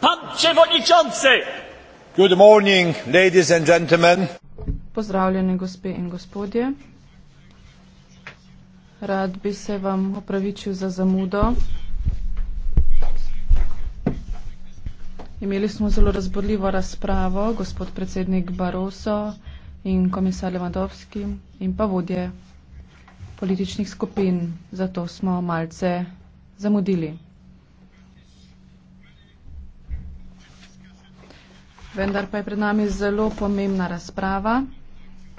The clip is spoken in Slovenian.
Pan przewodniczący! Good morning, ladies and gentlemen. Pozdravljeni, gospe in gospodje. Rad bi se vam opravičil za zamudo. Imeli smo zelo razborljivo razpravo, gospod predsednik Baroso in komisar Levandovski in pa vodje političnih skupin. Zato smo malce zamudili. vendar pa je pred nami zelo pomembna razprava.